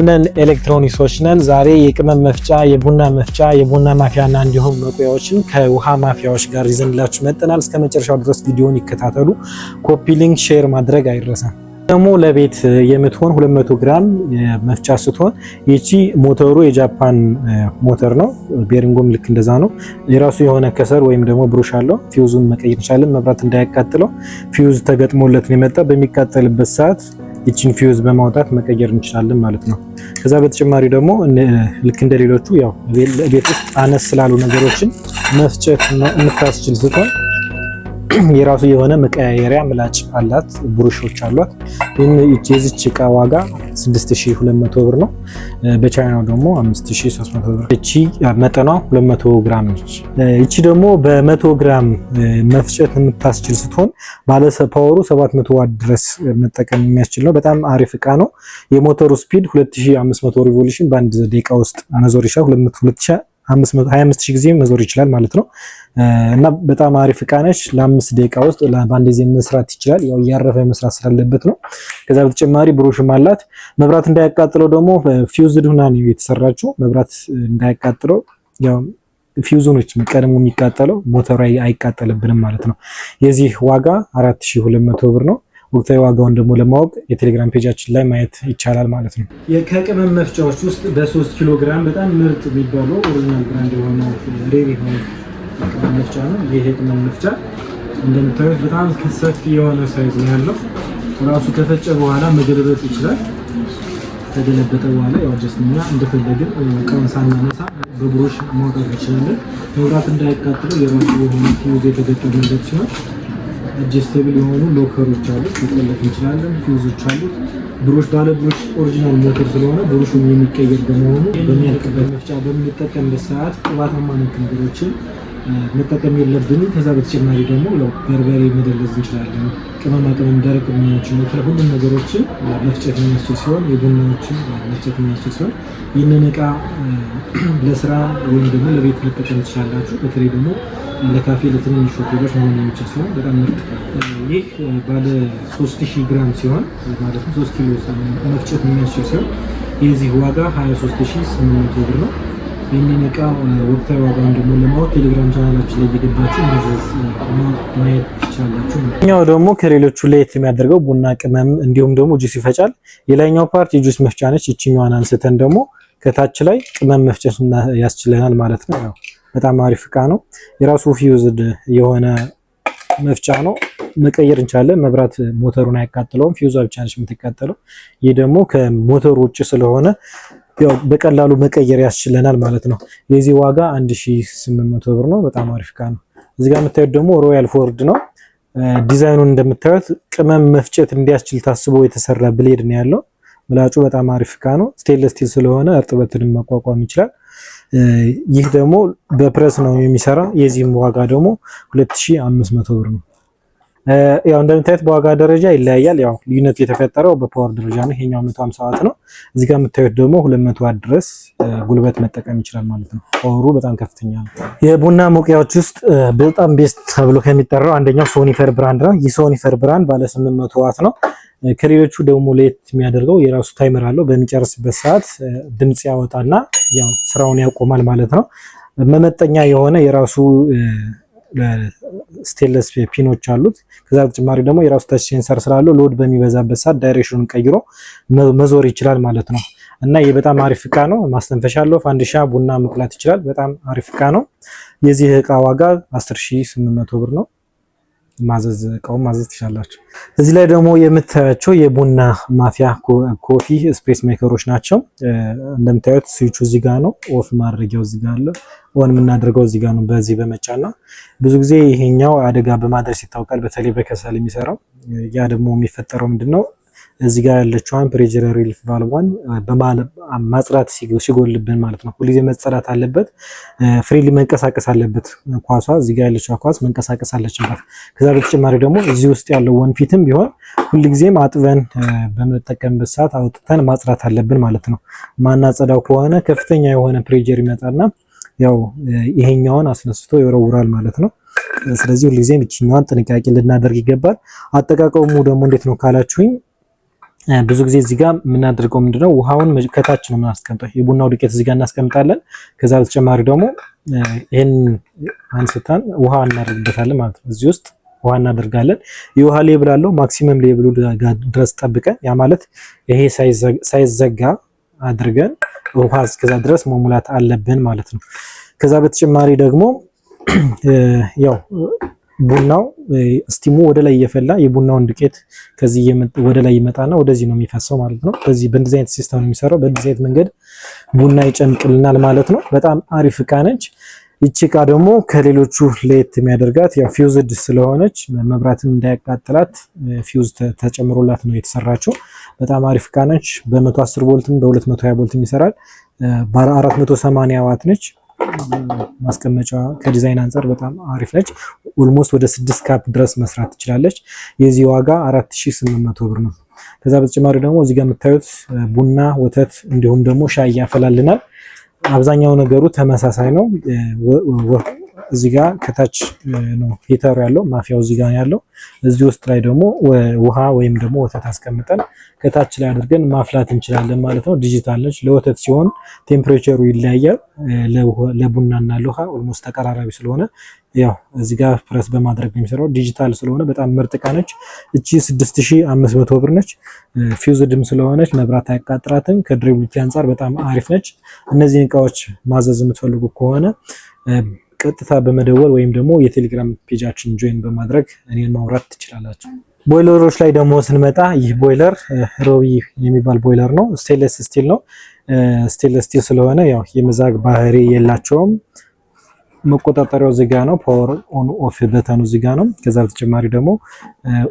ምነን ኤሌክትሮኒክሶች ነን። ዛሬ የቅመም መፍጫ፣ የቡና መፍጫ፣ የቡና ማፊያና እንዲሁም መቆያዎችን ከውሃ ማፊያዎች ጋር ይዘንላችሁ መጠናል። እስከ መጨረሻው ድረስ ቪዲዮን ይከታተሉ። ኮፒ ሊንክ፣ ሼር ማድረግ አይረሳም። ደግሞ ለቤት የምትሆን 200 ግራም መፍጫ ስትሆን ይቺ ሞተሩ የጃፓን ሞተር ነው። ቤሪንጎም ልክ እንደዛ ነው። የራሱ የሆነ ከሰር ወይም ደግሞ ብሩሽ አለው። ፊውዙን መቀየር እንችላለን። መብራት እንዳያቃጥለው ፊውዝ ተገጥሞለት ነው የመጣ። በሚቃጠልበት ሰዓት ይችን ፊውዝ በማውጣት መቀየር እንችላለን ማለት ነው። ከዛ በተጨማሪ ደግሞ ልክ እንደ ሌሎቹ ያው ቤት ውስጥ አነስ ስላሉ ነገሮችን መፍጨት የምታስችል ስትሆን የራሱ የሆነ መቀያየሪያ ምላጭ አላት፣ ብሩሾች አሏት። የዚች እቃ ዋጋ 6200 ብር ነው። በቻይናው ደግሞ 5300 ብር። እቺ መጠኗ 200 ግራም ነች። እቺ ደግሞ በ100 ግራም መፍጨት የምታስችል ስትሆን ባለፓወሩ 700 ዋት ድረስ መጠቀም የሚያስችል ነው። በጣም አሪፍ እቃ ነው። የሞተሩ ስፒድ 2500 ሪቮሉሽን በአንድ ደቂቃ ውስጥ መዞር ይችላል። 2500 ጊዜ መዞር ይችላል ማለት ነው። እና በጣም አሪፍ እቃ ነች። ለአምስት ደቂቃ ውስጥ በአንድ ጊዜ መስራት ይችላል። ያው እያረፈ መስራት ስላለበት ነው። ከዛ በተጨማሪ ብሩሽም አላት። መብራት እንዳያቃጥለው ደግሞ ፊውዝድ ሁና ነው የተሰራችው። መብራት እንዳያቃጥለው ያው ፊውዙ ነች ቀድሞ የሚቃጠለው ሞተሩ አይቃጠልብንም ማለት ነው። የዚህ ዋጋ 4200 ብር ነው። ወቅታዊ ዋጋውን ደግሞ ለማወቅ የቴሌግራም ፔጃችን ላይ ማየት ይቻላል ማለት ነው። ከቅመም መፍጫዎች ውስጥ በ3 ኪሎ ግራም በጣም ምርጥ የሚባለው ኦሪጂናል ብራንድ የሆነው ሬቪ የሆነ የቅመም መፍጫ ነው። ይህ የቅመም መፍጫ እንደምታዩት በጣም ሰፊ የሆነ ሳይዝ ነው ያለው። ራሱ ከፈጨ በኋላ መገልበጥ ይችላል። ከገለበጠ በኋላ ያው ጀስኛ እንደፈለግን ቀን ሳናነሳ በብሮሽ ማውጣት እንችላለን። መብራት እንዳይቃጥለው የራሱ የሆነ ፊውዝ የተገጠ ሲሆን አጀስተብል የሆኑ ሎከሮች አሉት፣ መጠለፍ እንችላለን። ፊውዞች አሉት። ብሮሽ ባለ ብሮሽ ኦሪጂናል ሞተር ስለሆነ ብሮሹ የሚቀየር በመሆኑ በሚያልቅበት መፍጫ በምንጠቀምበት ሰዓት ቅባታማ ነክ ነገሮችን መጠቀም የለብንም። ከዛ በተጨማሪ ደግሞ በርበሬ መደለዝ እንችላለን። ቅመማ ቅመም፣ ደረቅ ቡናዎች፣ ቅመሞችን ሁሉም ነገሮችን መፍጨት የሚያስችል ሲሆን የቡናዎችን መፍጨት የሚያስችል ሲሆን ይህንን እቃ ለስራ ወይም ደግሞ ለቤት መጠቀም ትችላላችሁ። በተለይ ደግሞ ለካፌ ለትንንሽ ሆቴሎች መሆን የሚችል ሲሆን በጣም ምርጥ ይህ ባለ 3000 ግራም ሲሆን ማለትም 3 ኪሎ መፍጨት የሚያስችል ሲሆን የዚህ ዋጋ 23800 ብር ነው። ይህንን እቃ ወቅታዊ ዋጋውን ደግሞ ለማወቅ ቴሌግራም ቻናላችን ላይ እየገባችሁ ማየት ትችላላችሁ። ኛው ደግሞ ከሌሎቹ ለየት የሚያደርገው ቡና ቅመም እንዲሁም ደግሞ ጁስ ይፈጫል። የላይኛው ፓርት የጁስ መፍጫ ነች። ይችኛዋን አንስተን ደግሞ ከታች ላይ ቅመም መፍጨት ያስችለናል ማለት ነው። ያው በጣም አሪፍ እቃ ነው። የራሱ ፊውዝድ የሆነ መፍጫ ነው። መቀየር እንቻለን። መብራት ሞተሩን አያቃጥለውም። ፊውዟ ብቻ ነች የምትቃጠለው። ይህ ደግሞ ከሞተሩ ውጭ ስለሆነ ያው በቀላሉ መቀየር ያስችለናል ማለት ነው። የዚህ ዋጋ 1800 ብር ነው። በጣም አሪፍ እቃ ነው። እዚህ ጋር የምታዩት ደግሞ ሮያል ፎርድ ነው። ዲዛይኑን እንደምታዩት ቅመም መፍጨት እንዲያስችል ታስቦ የተሰራ ብሌድ ነው ያለው። ምላጩ በጣም አሪፍ እቃ ነው። ስቴንለስ ስቲል ስለሆነ እርጥበትን መቋቋም ይችላል። ይህ ደግሞ በፕረስ ነው የሚሰራ። የዚህም ዋጋ ደግሞ 2500 ብር ነው። ያው እንደምታዩት በዋጋ ደረጃ ይለያያል። ያው ልዩነቱ የተፈጠረው በፓወር ደረጃ ነው። ይሄኛው 150 ዋት ነው። እዚህ ጋር የምታዩት ደግሞ 200 ዋት ድረስ ጉልበት መጠቀም ይችላል ማለት ነው። ፓወሩ በጣም ከፍተኛ ነው። የቡና መቁያዎች ውስጥ በጣም ቤስት ተብሎ ከሚጠራው አንደኛው ሶኒፈር ብራንድ ነው። ይህ ሶኒፈር ብራንድ ባለ 800 ዋት ነው። ከሌሎቹ ደግሞ ለየት የሚያደርገው የራሱ ታይመር አለው። በሚጨርስበት ሰዓት ድምፅ ያወጣና ያው ስራውን ያቆማል ማለት ነው። መመጠኛ የሆነ የራሱ ስቴንለስ ፒኖች አሉት። ከዛ በተጨማሪ ደግሞ የራሱ ታች ሴንሰር ስላለው ሎድ በሚበዛበት ሰዓት ዳይሬክሽኑን ቀይሮ መዞር ይችላል ማለት ነው። እና ይህ በጣም አሪፍ እቃ ነው። ማስተንፈሻ አለው። ፋንድሻ ቡና መቁላት ይችላል። በጣም አሪፍ እቃ ነው። የዚህ እቃ ዋጋ 10800 ብር ነው። ማዘዝ እቃውን ማዘዝ ትችላላችሁ። እዚህ ላይ ደግሞ የምታያቸው የቡና ማፊያ ኮፊ ስፔስ ሜከሮች ናቸው። እንደምታዩት ስዊቹ እዚህ ጋር ነው። ኦፍ ማድረጊያው እዚህ ጋር አለ። ኦን የምናደርገው እዚህ ጋር ነው፣ በዚህ በመጫና ብዙ ጊዜ ይሄኛው አደጋ በማድረስ ይታወቃል፣ በተለይ በከሰል የሚሰራው ያ ደግሞ የሚፈጠረው ምንድን ነው እዚህ ጋር ያለችዋን ፕሬጀር ሪሊፍ ቫልቧን ማጽዳት ሲጎልብን ማለት ነው። ሁልጊዜ መጸዳት አለበት። ፍሪሊ መንቀሳቀስ አለበት። ኳሷ እዚህ ጋር ያለችዋ ኳስ መንቀሳቀስ አለችበት። ከዛ በተጨማሪ ደግሞ እዚህ ውስጥ ያለው ወንፊትም ቢሆን ሁልጊዜም አጥበን በምንጠቀምበት ሰዓት አውጥተን ማጽዳት አለብን ማለት ነው። ማናጸዳው ከሆነ ከፍተኛ የሆነ ፕሬጀር ይመጣልና ያው ይሄኛውን አስነስቶ ይወረውራል ማለት ነው። ስለዚህ ሁልጊዜም ይችኛዋን ጥንቃቄ ልናደርግ ይገባል። አጠቃቀሙ ደግሞ እንዴት ነው ካላችሁኝ ብዙ ጊዜ እዚህ ጋር የምናደርገው ምንድነው ውሃውን ከታች ነው የምናስቀምጠው። የቡናው ዱቄት እዚህ ጋር እናስቀምጣለን። ከዛ በተጨማሪ ደግሞ ይህን አንስታን ውሃ እናደርግበታለን ማለት ነው። እዚህ ውስጥ ውሃ እናደርጋለን። የውሃ ሌብል አለው ማክሲመም ሌብሉ ድረስ ጠብቀን፣ ያ ማለት ይሄ ሳይዘጋ አድርገን ውሃ እስከዛ ድረስ መሙላት አለብን ማለት ነው። ከዛ በተጨማሪ ደግሞ ያው ቡናው ስቲሙ ወደ ላይ እየፈላ የቡናውን ዱቄት ከዚህ ወደ ላይ ይመጣና ወደዚህ ነው የሚፈሰው ማለት ነው። በዚህ በእንደዚህ አይነት ሲስተም ነው የሚሰራው። በእንደዚህ አይነት መንገድ ቡና ይጨምቅልናል ማለት ነው። በጣም አሪፍ እቃ ነች። ይቺ እቃ ደግሞ ከሌሎቹ ለየት የሚያደርጋት ያው ፊውዝድ ስለሆነች መብራትም እንዳያቃጥላት ፊውዝ ተጨምሮላት ነው የተሰራችው። በጣም አሪፍ እቃ ነች። በ110 ቮልትም በ220 ቮልትም ይሰራል። በ480 ዋት ነች። ማስቀመጫ ከዲዛይን አንጻር በጣም አሪፍ ነች። ኦልሞስት ወደ ስድስት ካፕ ድረስ መስራት ትችላለች። የዚህ ዋጋ አራት ሺህ ስምንት ብር ነው። ከዛ በተጨማሪ ደግሞ እዚጋ የምታዩት ቡና፣ ወተት እንዲሁም ደግሞ ሻይ ያፈላልናል። አብዛኛው ነገሩ ተመሳሳይ ነው። እዚህ ከታች ነው ሂተሩ ያለው ማፊያው እዚህ ጋር ያለው። እዚህ ውስጥ ላይ ደግሞ ውሃ ወይም ደግሞ ወተት አስቀምጠን ከታች ላይ አድርገን ማፍላት እንችላለን ማለት ነው። ዲጂታል ነች። ለወተት ሲሆን ቴምፕሬቸሩ ይለያያል። ለቡናና ለውሃ ኦልሞስት ተቀራራቢ ስለሆነ ያው እዚህ ጋር ፕረስ በማድረግ ነው የሚሰራው። ዲጂታል ስለሆነ በጣም ምርጥ እቃ ነች። እቺ 6500 ብር ነች። ፊውዝድም ስለሆነች መብራት አያቃጥራትም። ከድሪብሊቲ አንጻር በጣም አሪፍ ነች። እነዚህን እቃዎች ማዘዝ የምትፈልጉ ከሆነ ቀጥታ በመደወል ወይም ደግሞ የቴሌግራም ፔጃችን ጆይን በማድረግ እኔን ማውራት ትችላላችሁ። ቦይለሮች ላይ ደግሞ ስንመጣ ይህ ቦይለር ሮቢ የሚባል ቦይለር ነው። ስቴንለስ ስቲል ነው። ስቴንለስ ስቲል ስለሆነ ያው የመዛግ ባህሪ የላቸውም። መቆጣጠሪያው ዝጋ ነው። ፓወር ኦን ኦፍ በተኑ ዚጋ ነው። ከዛ በተጨማሪ ደግሞ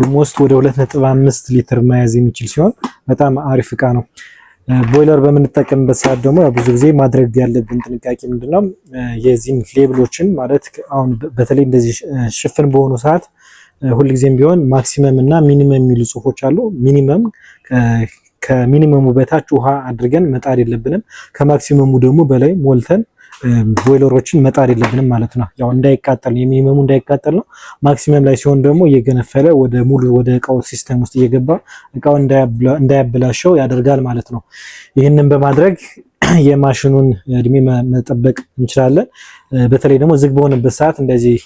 ኦልሞስት ወደ 2.5 ሊትር መያዝ የሚችል ሲሆን በጣም አሪፍ እቃ ነው። ቦይለር በምንጠቀምበት ሰዓት ደግሞ ብዙ ጊዜ ማድረግ ያለብን ጥንቃቄ ምንድነው የዚህን ሌብሎችን ማለት አሁን በተለይ እንደዚህ ሽፍን በሆኑ ሰዓት ሁልጊዜም ቢሆን ማክሲመም እና ሚኒመም የሚሉ ጽሁፎች አሉ። ሚኒመም ከሚኒመሙ በታች ውሃ አድርገን መጣድ የለብንም። ከማክሲመሙ ደግሞ በላይ ሞልተን ቦይለሮችን መጣድ የለብንም ማለት ነው። ያው እንዳይቃጠል ነው የሚኒመሙ እንዳይቃጠል ነው። ማክሲመም ላይ ሲሆን ደግሞ እየገነፈለ ወደ ሙሉ ወደ እቃው ሲስተም ውስጥ እየገባ እቃው እንዳያበላሸው ያደርጋል ማለት ነው። ይህንን በማድረግ የማሽኑን እድሜ መጠበቅ እንችላለን። በተለይ ደግሞ ዝግ በሆነበት ሰዓት እንደዚህ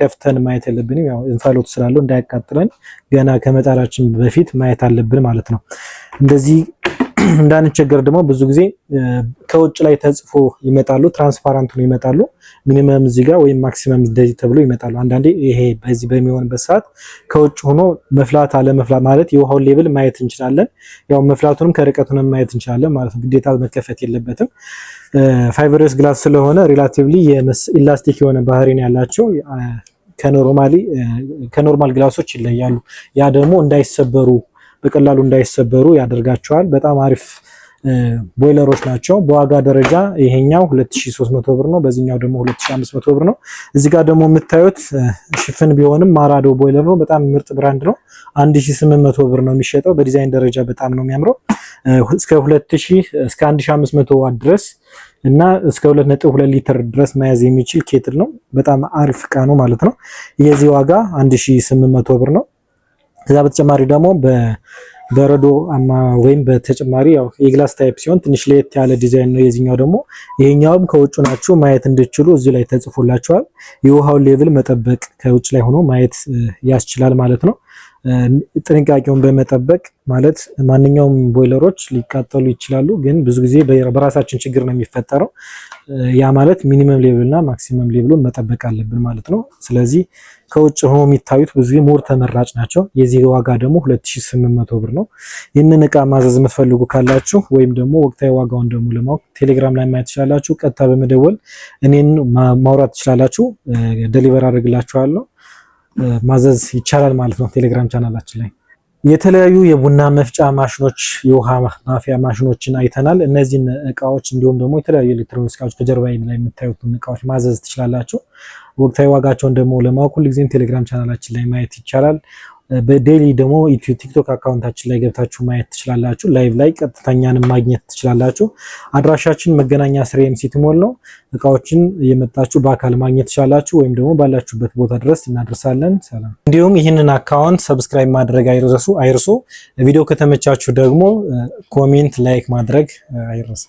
ከፍተን ማየት የለብንም። ያው እንፋሎት ስላለው እንዳያቃጥለን ገና ከመጣራችን በፊት ማየት አለብን ማለት ነው እንደዚህ እንዳንቸገር ደግሞ ብዙ ጊዜ ከውጭ ላይ ተጽፎ ይመጣሉ። ትራንስፓራንት ነው ይመጣሉ። ሚኒመም እዚህ ጋር ወይም ማክሲመም እንደዚህ ተብሎ ይመጣሉ። አንዳንዴ ይሄ በዚህ በሚሆንበት ሰዓት ከውጭ ሆኖ መፍላት አለ መፍላት ማለት የውሃውን ሌብል ማየት እንችላለን። ያው መፍላቱንም ከርቀቱንም ማየት እንችላለን ማለት ነው። ግዴታ መከፈት የለበትም። ፋይበረስ ግላስ ስለሆነ ሪላቲቭሊ ኢላስቲክ የሆነ ባህሪ ነው ያላቸው ከኖርማሊ ከኖርማል ግላሶች ይለያሉ። ያ ደግሞ እንዳይሰበሩ በቀላሉ እንዳይሰበሩ ያደርጋቸዋል። በጣም አሪፍ ቦይለሮች ናቸው። በዋጋ ደረጃ ይሄኛው 2300 ብር ነው። በዚህኛው ደግሞ 2500 ብር ነው። እዚህ ጋር ደግሞ የምታዩት ሽፍን ቢሆንም ማራዶ ቦይለር ነው። በጣም ምርጥ ብራንድ ነው። 1800 ብር ነው የሚሸጠው። በዲዛይን ደረጃ በጣም ነው የሚያምረው። እስከ 2000 እስከ 1500 ዋት ድረስ እና እስከ 2.2 ሊትር ድረስ መያዝ የሚችል ኬትል ነው። በጣም አሪፍ እቃ ነው ማለት ነው። የዚህ ዋጋ 1800 ብር ነው። ከዛ በተጨማሪ ደግሞ በረዶ ወይም በተጨማሪ ያው የግላስ ታይፕ ሲሆን ትንሽ ለየት ያለ ዲዛይን ነው የዚህኛው ደግሞ። ይሄኛውም ከውጭ ናችሁ ማየት እንድችሉ እዚ ላይ ተጽፎላችኋል። የውሃውን ሌቭል መጠበቅ ከውጭ ላይ ሆኖ ማየት ያስችላል ማለት ነው። ጥንቃቄውን በመጠበቅ ማለት ማንኛውም ቦይለሮች ሊቃጠሉ ይችላሉ፣ ግን ብዙ ጊዜ በራሳችን ችግር ነው የሚፈጠረው። ያ ማለት ሚኒመም ሌብል እና ማክሲመም ሌብሉን መጠበቅ አለብን ማለት ነው። ስለዚህ ከውጭ ሆኖ የሚታዩት ብዙ ጊዜ ሞር ተመራጭ ናቸው። የዚህ ዋጋ ደግሞ 2800 ብር ነው። ይህንን እቃ ማዘዝ የምትፈልጉ ካላችሁ ወይም ደግሞ ወቅታዊ ዋጋውን ደግሞ ለማወቅ ቴሌግራም ላይ ማየት ትችላላችሁ። ቀጥታ በመደወል እኔን ማውራት ትችላላችሁ። ደሊቨር አድርግላችኋለሁ። ማዘዝ ይቻላል ማለት ነው። ቴሌግራም ቻናላችን ላይ የተለያዩ የቡና መፍጫ ማሽኖች፣ የውሃ ማፊያ ማሽኖችን አይተናል። እነዚህን እቃዎች እንዲሁም ደግሞ የተለያዩ ኤሌክትሮኒክስ እቃዎች ከጀርባ ላይ የምታዩትን እቃዎች ማዘዝ ትችላላችሁ። ወቅታዊ ዋጋቸውን ደግሞ ለማወቅ ሁልጊዜም ቴሌግራም ቻናላችን ላይ ማየት ይቻላል። በዴሊ ደግሞ ቲክቶክ አካውንታችን ላይ ገብታችሁ ማየት ትችላላችሁ። ላይቭ ላይ ቀጥተኛንም ማግኘት ትችላላችሁ። አድራሻችን መገናኛ ስሬ ኤምሲ ትሞል ነው። እቃዎችን እየመጣችሁ በአካል ማግኘት ትችላላችሁ፣ ወይም ደግሞ ባላችሁበት ቦታ ድረስ እናደርሳለን። ሰላም። እንዲሁም ይህንን አካውንት ሰብስክራይብ ማድረግ አይርሱ። ቪዲዮ ከተመቻችሁ ደግሞ ኮሜንት፣ ላይክ ማድረግ አይረሳ።